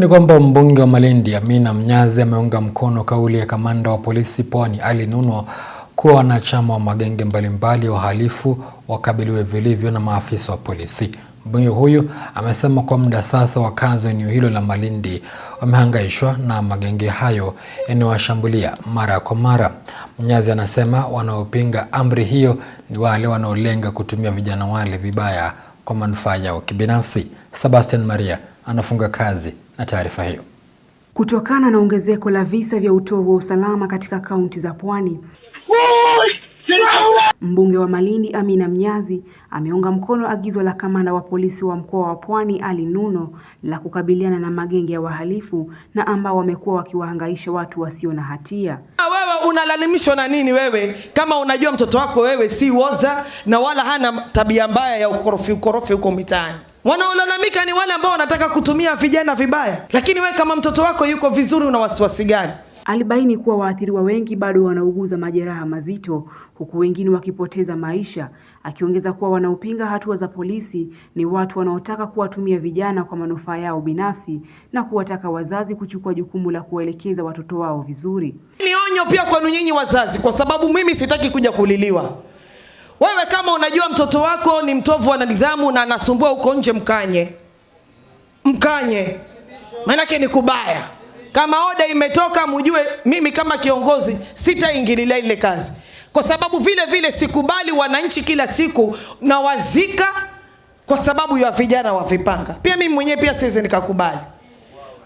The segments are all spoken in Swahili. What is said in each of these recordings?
Ni kwamba mbunge wa Malindi Amina Mnyazi ameunga mkono kauli ya kamanda wa polisi Pwani Ali Nuno kuwa wanachama wa magenge mbalimbali ya uhalifu wakabiliwe vilivyo na maafisa wa polisi. Mbunge huyu amesema kwa muda sasa wakazi wa eneo hilo la Malindi wamehangaishwa na magenge hayo yanayowashambulia mara kwa mara. Mnyazi anasema wanaopinga amri hiyo ni wale wanaolenga kutumia vijana wale vibaya kwa manufaa yao kibinafsi. Sebastian Maria anafunga kazi na taarifa hiyo. Kutokana na ongezeko la visa vya utovu wa usalama katika kaunti za Pwani, mbunge wa Malindi Amina Mnyazi ameunga mkono agizo la kamanda wa polisi wa mkoa wa Pwani Ali Nuno la kukabiliana na magenge ya wahalifu na ambao wamekuwa wakiwahangaisha watu wasio na hatia. Ah, wewe unalalimishwa na nini wewe, kama unajua mtoto wako wewe si woza na wala hana tabia mbaya ya ukorofi ukorofi huko mitaani? Wanaolalamika ni wale ambao wanataka kutumia vijana vibaya, lakini wewe kama mtoto wako yuko vizuri, una wasiwasi gani? Alibaini kuwa waathiriwa wengi bado wanauguza majeraha mazito huku wengine wakipoteza maisha, akiongeza kuwa wanaopinga hatua za polisi ni watu wanaotaka kuwatumia vijana kwa manufaa yao binafsi na kuwataka wazazi kuchukua jukumu la kuwaelekeza watoto wao vizuri. Ni onyo pia kwenu nyinyi wazazi, kwa sababu mimi sitaki kuja kuliliwa. Wewe kama unajua mtoto wako ni mtovu wa nidhamu na anasumbua huko nje, mkanye, mkanye, maanake ni kubaya. Kama oda imetoka, mjue mimi kama kiongozi sitaingilia ile kazi, kwa sababu vile vile sikubali wananchi kila siku na wazika kwa sababu ya vijana wa vipanga. Pia mimi mwenyewe pia siwezi nikakubali.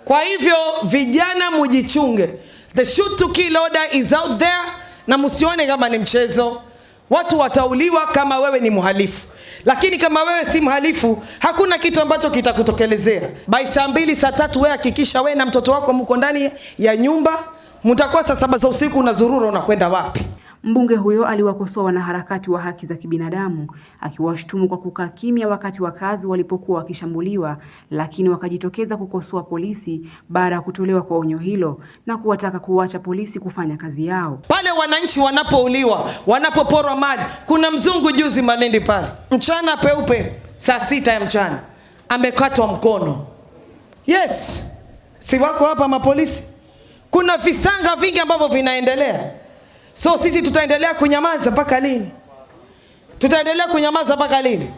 Kwa hivyo vijana, mujichunge. The shoot to kill order is out there, na msione kama ni mchezo watu watauliwa kama wewe ni mhalifu, lakini kama wewe si mhalifu, hakuna kitu ambacho kitakutokelezea. Bai saa mbili saa tatu wewe hakikisha wewe na mtoto wako mko ndani ya nyumba, mtakuwa saa saba za usiku unazurura, unakwenda wapi? Mbunge huyo aliwakosoa wanaharakati wa haki za kibinadamu akiwashutumu kwa kukaa kimya wakati wakazi walipokuwa wakishambuliwa, lakini wakajitokeza kukosoa polisi baada ya kutolewa kwa onyo hilo na kuwataka kuwacha polisi kufanya kazi yao. Pale wananchi wanapouliwa, wanapoporwa mali, kuna mzungu juzi Malindi pale, mchana peupe, saa sita ya mchana amekatwa mkono. Yes, si wako hapa mapolisi? Kuna visanga vingi ambavyo vinaendelea. So sisi tutaendelea kunyamaza mpaka lini? Tutaendelea kunyamaza mpaka lini?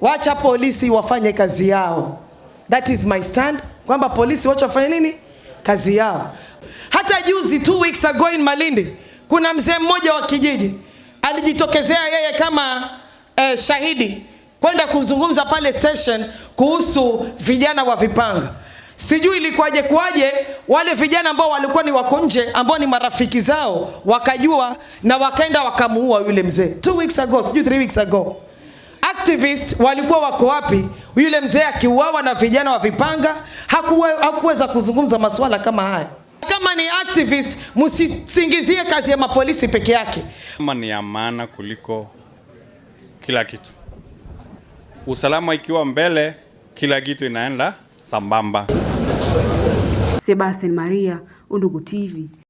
Wacha polisi wafanye kazi yao. That is my stand, kwamba polisi wacha wafanye nini kazi yao. Hata juzi two weeks ago in Malindi kuna mzee mmoja wa kijiji alijitokezea yeye kama eh, shahidi kwenda kuzungumza pale station kuhusu vijana wa vipanga. Sijui ilikuwaje kuwaje, wale vijana ambao walikuwa ni wako nje ambao ni marafiki zao wakajua na wakaenda wakamuua yule mzee. Two weeks ago, sijui three weeks ago. Activist walikuwa wako wapi? Yule mzee akiuawa na vijana wa vipanga, hakuweza kuzungumza masuala kama haya. Kama ni activist, msisingizie kazi ya mapolisi peke yake. Kama ni ya maana kuliko kila kitu. Usalama ikiwa mbele, kila kitu inaenda sambamba. Sebastian Maria, Undugu TV.